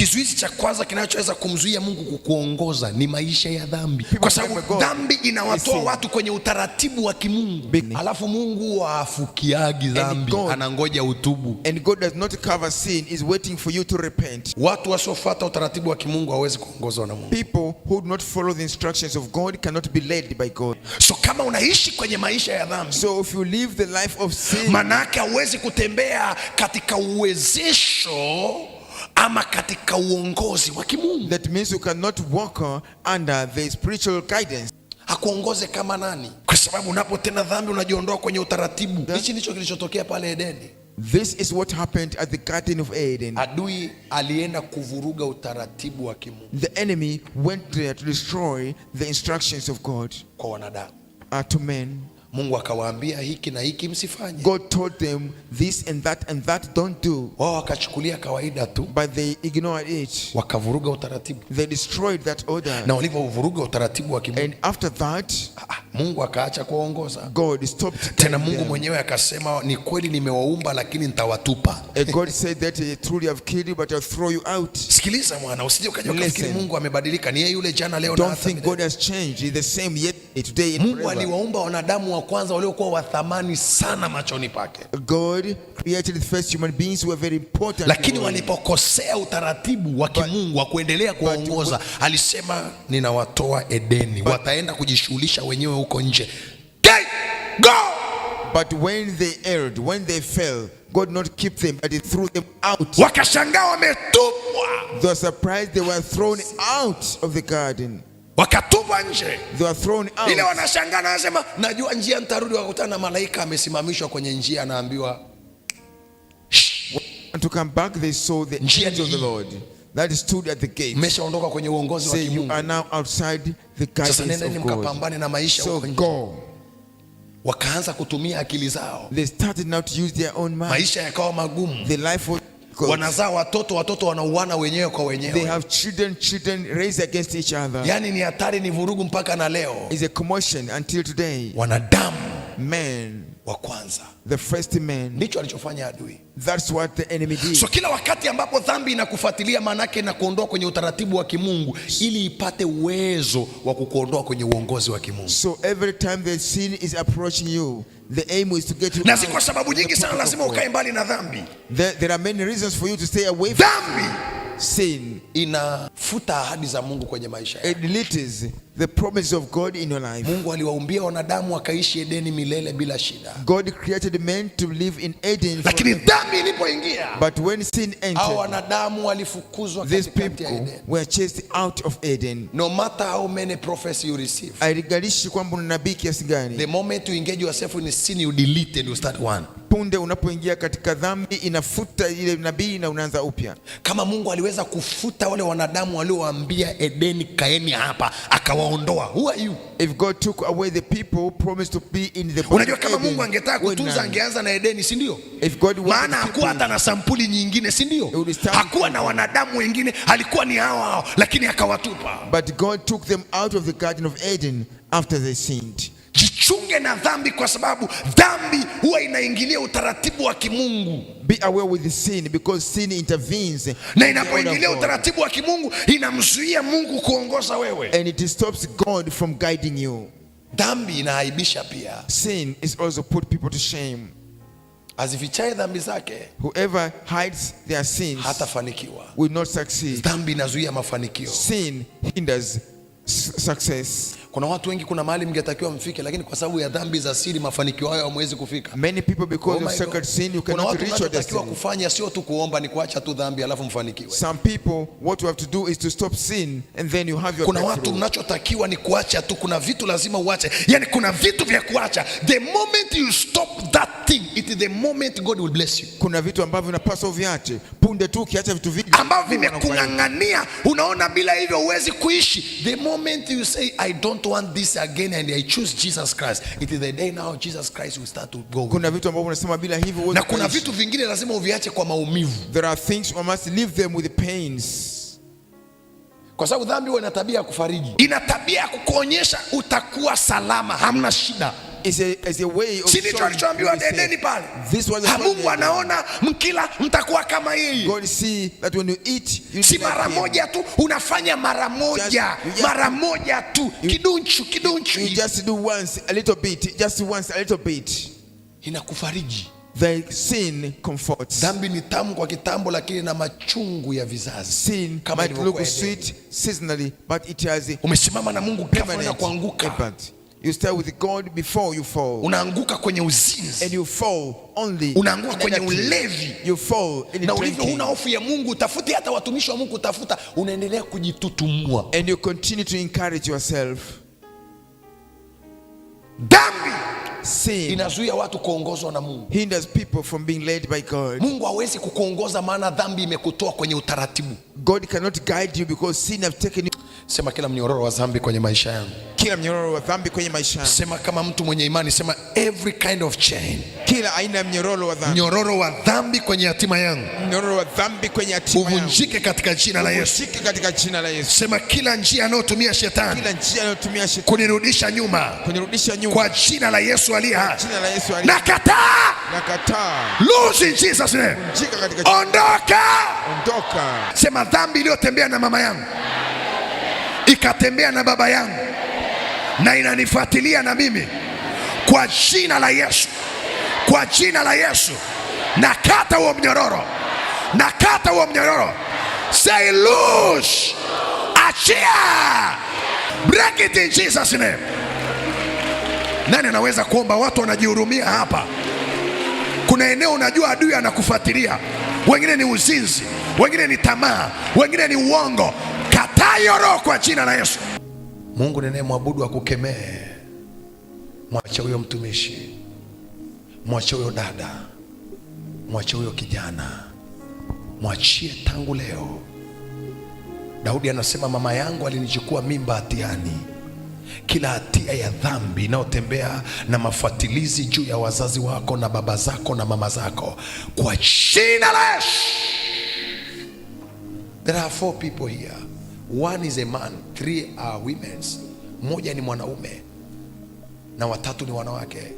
Kizuizi cha kwanza kinachoweza kumzuia Mungu kukuongoza ni maisha ya dhambi, kwa sababu dhambi inawatoa watu kwenye utaratibu wa kimungu. Alafu Mungu waafukiagi dhambi, anangoja utubu. And God does not cover sin, is waiting for you to repent. Watu wasiofuata utaratibu wa kimungu hawezi kuongozwa na Mungu. People who do not follow the instructions of God cannot be led by God. So kama unaishi kwenye maisha ya dhambi, so if you live the life of sin, manake hauwezi kutembea katika uwezesho ama katika uongozi wa kimungu. That means you cannot walk under the spiritual guidance. Hakuongoze kama nani? Kwa sababu unapotenda dhambi unajiondoa kwenye utaratibu. Hichi ndicho kilichotokea pale Edeni. This is what happened at the Garden of Eden. Adui alienda kuvuruga utaratibu wa Kimungu. The enemy went there to destroy the instructions of God. Kwa wanadamu. Uh, to men. Mungu akawaambia hiki na hiki msifanye. God told them this and that and that don't do. Wao wakachukulia kawaida tu. But they ignored it. Wakavuruga utaratibu. They destroyed that order. Na walipovuruga utaratibu wa kimungu. And after that, ah, ah, Mungu akaacha kuongoza. God stopped. Tena Mungu mwenyewe akasema ni kweli nimewaumba lakini nitawatupa. And God said that truly have killed you but I'll throw you out. Sikiliza mwana, usije ukaja ukafikiri Mungu amebadilika, ni yeye yule jana leo na hata. Don't think God has changed. He's the same yet Mungu aliwaumba wanadamu wa kwanza waliokuwa wa thamani sana machoni pake. God created the first human beings who were very important. Lakini walipokosea utaratibu wa kimungu wa kuendelea kuwaongoza, alisema ninawatoa Edeni, wataenda kujishughulisha wenyewe huko nje. Go! But when they erred, when they fell, God not keep them, but he threw them out. Wakashangaa wametupwa. They were surprised they were thrown out of the garden wakatupwa nje. They were thrown out. Ile wanashangaa wanasema, najua njia nitarudi. wakutana na malaika amesimamishwa kwenye njia, anaambiwa And to come back they saw the angel of the Lord that stood at the gate. Mmeshaondoka kwenye uongozi wa kimungu. You are now outside the guidance of God. Sasa nendeni mkapambane na maisha huko nje. So wakaanza kutumia akili zao. They started now to use their own mind. Maisha yakawa magumu. The life was wanazaa watoto, watoto wanauana wenyewe kwa wenyewe. They have children, children raised against each other. Yani ni hatari, ni vurugu mpaka na leo. Is a commotion until today. Wanadamu. Men wa kwanza the first man, ndicho alichofanya adui. That's what the enemy did. So kila wakati ambapo dhambi inakufuatilia maana yake inakuondoa kwenye utaratibu wa kimungu ili ipate uwezo wa kukuondoa kwenye uongozi wa kimungu. So every time the sin is approaching you The aim is to get you. Na si kwa sababu nyingi sana lazima ukae mbali na dhambi. There, there are many reasons for you to stay away from dhambi. Sin inafuta ahadi za Mungu kwenye maisha yako. It deletes the promise of God in your life. Mungu aliwaumbia wanadamu wakaishi Edeni milele bila shida. God created men to live in Eden. Lakini dhambi ilipoingia. But when sin entered. Hao wanadamu walifukuzwa katikati ya Eden. These people were chased out of Eden. No matter how many prophecy you receive. Haijalishi kwamba una nabii kiasi gani. The moment you engage yourself in sin you delete and you start one punde unapoingia katika dhambi inafuta ile nabii na unaanza upya. Kama Mungu aliweza kufuta wale wanadamu waliowaambia Edeni, kaeni hapa, akawaondoa, who are you? If God took away the people who promised to be in the unajua, kama Eden, Mungu angetaka kutunza angeanza na Edeni, si ndio? If God maana hakuwa hata na sampuli nyingine, si ndio? Hakuwa na wanadamu wengine, alikuwa ni hao hao, lakini akawatupa. But God took them out of the garden of Eden after they sinned. Jichunge na dhambi kwa sababu dhambi huwa inaingilia utaratibu wa kimungu. Be aware with the sin because sin intervenes. Na inapoingilia utaratibu wa kimungu inamzuia Mungu kuongoza wewe. And it stops God from guiding you. Dhambi inaaibisha pia. Sin is also put people to shame. Azifichaye dhambi zake, whoever hides their sins hatafanikiwa, will not succeed. Dhambi inazuia mafanikio. Sin hinders success. Kuna watu wengi, kuna mahali mngetakiwa mfike, lakini kwa sababu ya dhambi za siri mafanikio hayo hamwezi kufika. Many people because oh of secret sin you cannot reach your destiny. kufanya sio tu kuomba, ni kuacha tu dhambi alafu mfanikiwe. Some people what you have to do is to stop sin and then you have your. Kuna watu mnachotakiwa ni kuacha tu, kuna vitu lazima uache, yani kuna vitu vya kuacha. The moment you stop that thing it is the moment God will bless you. Kuna vitu ambavyo unapaswa uviache punde tu ukiacha vitu vingi ambavyo vimekung'ang'ania, unaona bila hivyo huwezi kuishi. The moment you say I don't want this again and I choose Jesus Christ, it is the day now Jesus Christ will start to go. Kuna vitu ambavyo unasema bila hivyo huwezi, na kuna vitu vingine lazima uviache kwa maumivu. There are things we must leave them with pains kwa sababu dhambi huwa ina tabia ya kufariji, ina tabia ya kukuonyesha utakuwa salama, hamna shida is a, is a way of showing tulichoambiwa dendeni pale. This Mungu anaona mkila mtakuwa kama yeye. God see that when you eat you si mara moja tu unafanya mara moja mara moja tu kidunchu kidunchu. You just do once a little bit just once a little bit. Inakufariji. The sin comforts. Dhambi ni tamu kwa kitambo lakini na machungu ya vizazi. Sin might look sweet seasonally but it has. Umesimama na Mungu kuanguka. You stay with God before you fall. Unaanguka kwenye uzinzi. And you fall only. Unaanguka kwenye ulevi. You fall in na ulivyo huna hofu ya Mungu, utafuti hata watumishi wa Mungu utafuta, unaendelea kujitutumua. And you continue to encourage yourself. Dhambi inazuia watu kuongozwa na Mungu. Hinders people from being led by God. Mungu hawezi kukuongoza maana dhambi imekutoa kwenye utaratibu. God cannot guide you because sin have taken you Sema kila mnyororo wa dhambi kwenye maisha yangu, kila mnyororo wa dhambi kwenye maisha yangu. Sema kama mtu mwenye imani, sema every kind of chain, kila aina ya mnyororo wa dhambi, mnyororo wa dhambi kwenye hatima yangu, mnyororo wa dhambi kwenye hatima yangu uvunjike katika jina la Yesu, uvunjike katika jina la Yesu. Sema kila njia anayotumia shetani, kila njia anayotumia shetani kunirudisha nyuma, kunirudisha nyuma kwa jina la Yesu aliye hai, jina la Yesu aliye nakataa, nakataa, lose in Jesus name, ondoka, ondoka. Sema dhambi iliyotembea na mama yangu nikatembea na baba yangu na inanifuatilia na mimi kwa jina la Yesu, kwa jina la Yesu nakata huo mnyororo, nakata huo mnyororo. Say loose, achia, break it in Jesus name. Nani anaweza kuomba? Watu wanajihurumia hapa. Kuna eneo unajua adui anakufuatilia, wengine ni uzinzi, wengine ni tamaa, wengine ni uongo, Kataa hiyo roho kwa jina la Yesu. Mungu ninayemwabudu akukemee. Mwache huyo mtumishi, mwache huyo dada, mwache huyo kijana, mwachie tangu leo. Daudi anasema mama yangu alinichukua mimba hatiani. Kila hatia ya dhambi inayotembea na mafuatilizi juu ya wazazi wako na baba zako na mama zako, kwa jina la Yesu. There are four people here One is a man, three are women, moja ni mwanaume na watatu ni wanawake.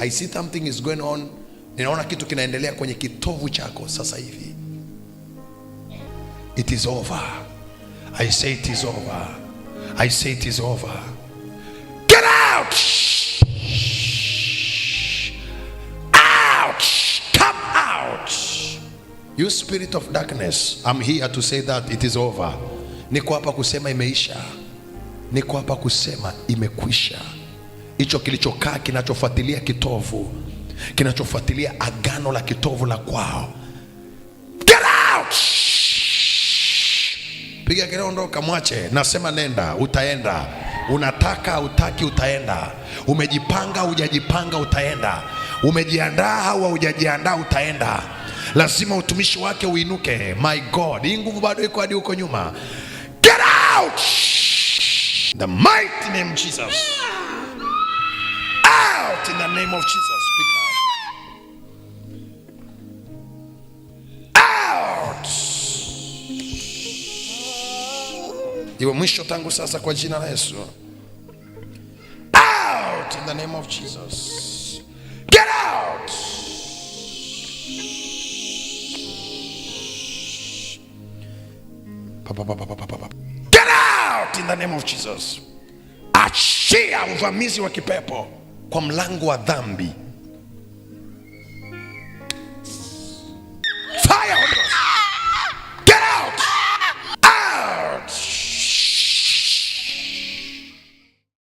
I see something is going on. Ninaona kitu kinaendelea kwenye kitovu chako sasa hivi. It is over. I say it is over. I say it is over. Get out! Out! Come out! You spirit of darkness, I'm here to say that it is over. Niko hapa kusema imeisha, niko hapa kusema imekwisha. Hicho kilichokaa kinachofuatilia kitovu, kinachofuatilia agano la kitovu la kwao, get out! Piga kelele, ondoka, mwache. Nasema nenda, utaenda. Unataka utaki, utaenda. Umejipanga hujajipanga, utaenda. Umejiandaa au haujajiandaa, utaenda. Lazima utumishi wake uinuke. My God, hii nguvu bado iko hadi huko nyuma out in the mighty name of Jesus. Out in the name of Jesus. Speak out. Out. Iwe mwisho tangu sasa kwa jina la Yesu. Out in the name of Jesus. Get out. Pa, pa, pa, pa, pa, pa, pa in the name of Jesus. Achia uvamizi wa kipepo kwa mlango wa dhambi.